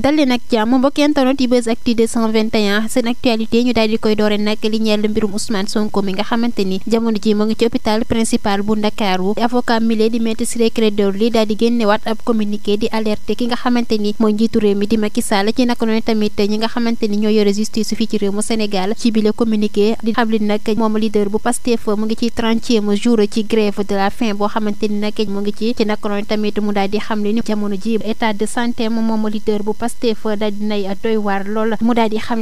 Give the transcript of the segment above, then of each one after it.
dalli nag jàmm mbokk internet yi Buzz seen actualité ñu daal koy doore nag li ñeel mbirum Ousmane Sonko mi nga xamante jamono ji mu ngi ci hôpital principal bu Ndakaaru avocat mile di Maître Ciré Clédor Ly daal di génnewaat ab communiqué di alerte ki nga xamante ni njiitu réew mi di Macky ci naka noonu tamit ñi nga xamante ñoo yore justice fii mu Sénégal ci bile communiqué di xamle nag moom leader bu Pastef mu mu ngi ci ci Pastef daal di nay doy waar lool mu daal naka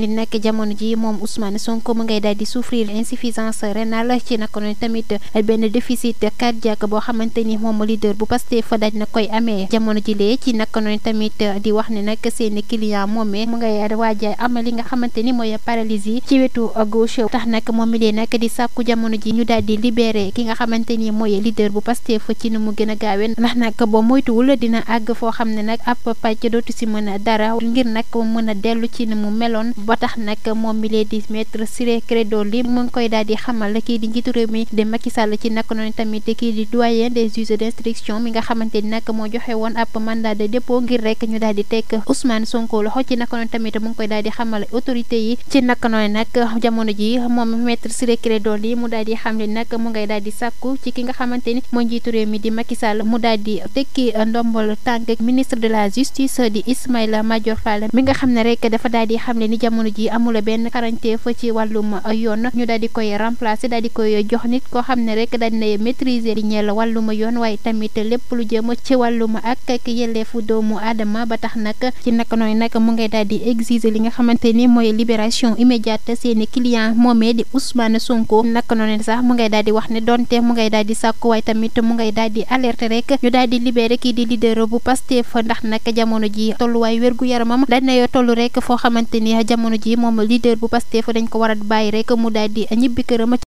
noonu tamit di wax ne nag seen client moomee mu ngay waaja am nga xamante ni mooy paralysie ci wetu gauche tax nag moom mi lee nag di sàkku jamono ji ñu daal libéré ki nga xamante ni mooy leader bu Pastef ci nu mu gën a ndax nag boo moytuwul dina àgg foo xam ne nag ab pàcc dootu si mën a dara dara ngir nag mën a dellu ci ni mu meloon ba tax nag moom mi lee di maître Ciré Clédor Ly mu ngi koy daal di xamal kii di njiitu réew mi di Macky Sall ci nag noonu tamit kii di doyen des juges d'instruction mi nga xamante ni nag moo joxe woon ab mandat de dépôt ngir rek ñu daal di teg Ousmane Sonko loxo ci nag tamit mu ngi koy daal di xamal autorité yi ci nag noonu nag jamono ji moom maître Ciré Clédor Ly mu daal di xamle nag mu ngay daal di sàkku ci ki nga xamante ni mooy njiitu réew mi di Macky Sall mu daal di tekki ndombal tànk ministre de la justice di Ismaïla Madior Fall mi nga xam ne rek dafa daal di xam ne ni jamono ji amula benn xarañte fa ci wàllum yoon ñu daal di koy remplacer daal di koy jox nit koo xam ne rek daal dinay maîtriser li ñeel wàllum yoon waaye tamit lépp lu jëm ci wàllum ak ak fu doomu aadama ba tax nag ci naka nooy nag mu ngay daal di exiger li nga xamante ni mooy libération immédiate seeni client moomee di Ousmane Sonko naka noonu sax mu ngay daal di wax ne donte mu ngay daal di sàkku waaye tamit mu ngay daal di alerter rek ñu daal di libérer kii di leader bu Pastef ji wér-gu-yaramam dañ na toll rek foo xamante ni jamono ji moom leader bu Pastef dañ ko war a bàyyi rek mu daal di ñibbi këram